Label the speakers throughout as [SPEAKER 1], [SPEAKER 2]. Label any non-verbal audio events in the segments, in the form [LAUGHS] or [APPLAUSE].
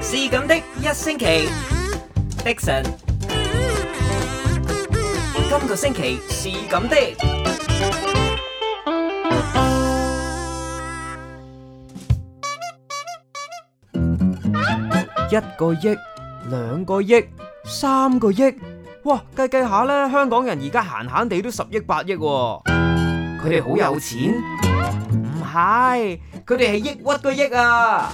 [SPEAKER 1] 是咁的一星期，Dixon。今個星期是咁的，一個億、兩個億、三個億，哇！計計下咧，香港人而家閒閒地都十億、八億，佢哋好有錢？唔係，佢哋係抑鬱個億啊！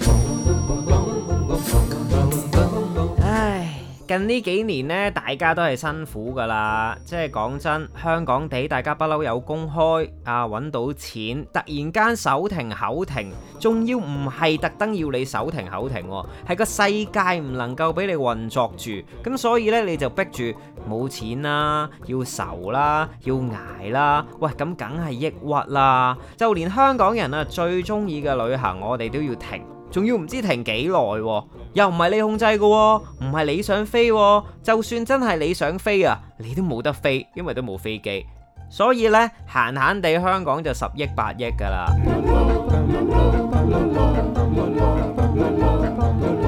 [SPEAKER 1] 近呢幾年呢，大家都係辛苦噶啦。即係講真，香港地大家不嬲有工開啊，揾到錢。突然間手停口停，仲要唔係特登要你手停口停喎，係個世界唔能夠俾你運作住。咁所以呢，你就逼住冇錢啦，要愁啦，要捱啦，啦。喂，咁梗係抑鬱啦。就連香港人啊最中意嘅旅行，我哋都要停。仲要唔知停幾耐啊，又唔係你控制嘅啊，唔係你想飛啊，就算真係你想飛啊，你都冇得飛，因為都冇飛機。所以呢，閒閒地香港就十億八億㗎啦。 [MUSIC]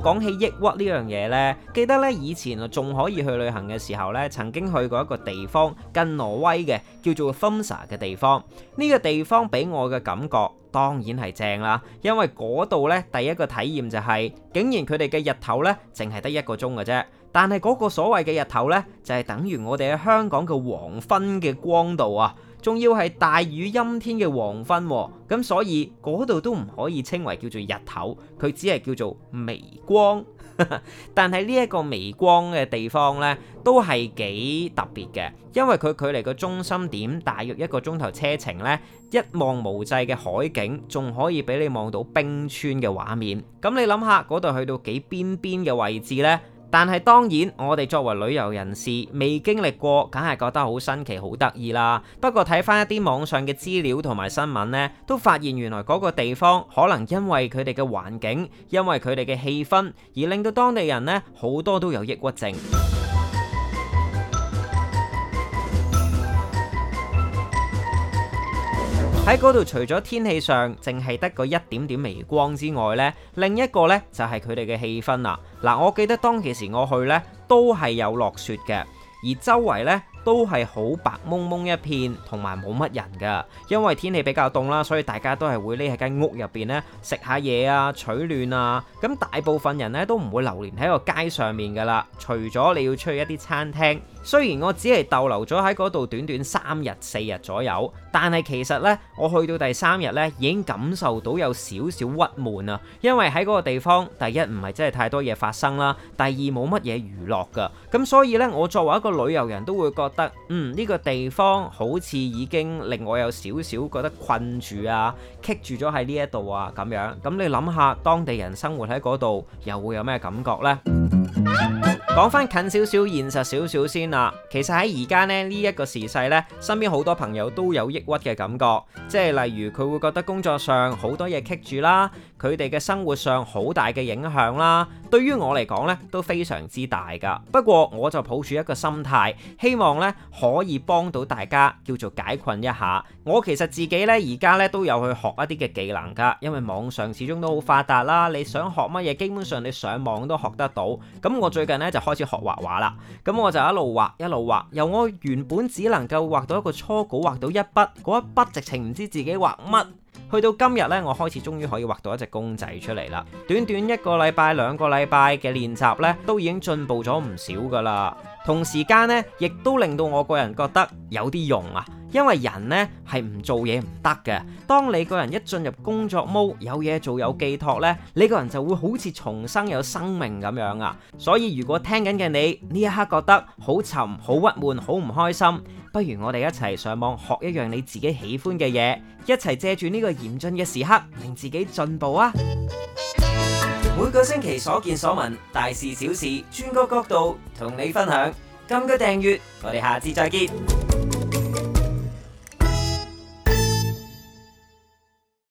[SPEAKER 1] 講起抑鬱呢樣嘢呢，記得呢以前仲可以去旅行嘅時候呢，曾經去過一個地方，近挪威嘅，叫做 Fumsa 嘅地方。呢個地方俾我嘅感覺當然係正啦，因為嗰度呢，第一個體驗就係竟然佢哋嘅日頭呢淨係得一個鐘嘅啫。但係嗰個所謂嘅日頭呢，就係等於我哋喺香港嘅黃昏嘅光度啊。仲要係大雨陰天嘅黃昏喎，咁所以嗰度都唔可以稱為叫做日頭，佢只係叫做微光。 [LAUGHS] 但係呢一個微光嘅地方呢，都係幾特別嘅，因為佢距離個中心點大約一個鐘頭車程呢，一望無際嘅海景，仲可以俾你望到冰川嘅畫面。咁你諗下，嗰度去到幾邊邊嘅位置呢？但係當然，我哋作為旅遊人士，未經歷過，梗係覺得好新奇、好得意啦。不過睇翻一啲網上嘅資料同埋新聞呢，都發現原來嗰個地方可能因為佢哋嘅環境，因為佢哋嘅氣氛，而令到當地人呢好多都有抑鬱症。喺嗰度除咗天氣上，淨係得個一點點微光之外呢，另一個呢就係佢哋嘅氣氛喇！嗱，我記得當其時我去呢都係有落雪嘅，而周圍呢，都係好白蒙蒙一片，同埋冇乜人噶，因為天氣比較凍啦，所以大家都係會匿喺間屋入邊呢食下嘢啊、取暖啊。咁大部分人呢都唔會流連喺個街上面噶啦，除咗你要出去一啲餐廳。雖然我只係逗留咗喺嗰度短短三日四日左右，但係其實呢，我去到第三日呢已經感受到有少少鬱悶啊，因為喺嗰個地方，第一唔係真係太多嘢發生啦，第二冇乜嘢娛樂噶，咁所以呢，我作為一個旅遊人都會覺。嗯，呢個地方好似已經令我有少少覺得困住啊，棘住咗喺呢一度啊咁樣。咁你諗下當地人生活喺嗰度又會有咩感覺呢？講翻 [MUSIC] 近少少、現實少少先啦。其實喺而家咧呢一個時勢呢，身邊好多朋友都有抑鬱嘅感覺，即係例如佢會覺得工作上好多嘢棘住啦。佢哋嘅生活上好大嘅影響啦，對於我嚟講呢都非常之大㗎。不過我就抱住一個心態，希望呢可以幫到大家叫做解困一下。我其實自己呢而家呢都有去學一啲嘅技能㗎，因為網上始終都好發達啦。你想學乜嘢，基本上你上網都學得到。咁我最近呢就開始學畫畫啦。咁我就一路畫一路畫，由我原本只能夠畫到一個初稿，畫到一筆，嗰一筆直情唔知自己畫乜。去到今日呢，我開始終於可以畫到一隻公仔出嚟啦！短短一個禮拜、兩個禮拜嘅練習呢，都已經進步咗唔少㗎喇。同時間呢，亦都令到我個人覺得有啲用啊！因為人呢係唔做嘢，唔得嘅。當你個人一進入工作模式，有嘢做有寄託呢，你個人就會好似重生有生命咁樣啊。所以如果聽緊嘅你呢一刻覺得好沉、好鬱悶、好唔開心，不如我哋一齊上網學一樣你自己喜歡嘅嘢，一齊借住呢個嚴峻嘅時刻，令自己進步啊！每個星期所見所聞，大事小事，轉個角度同你分享。撳個訂閱，我哋下次再見。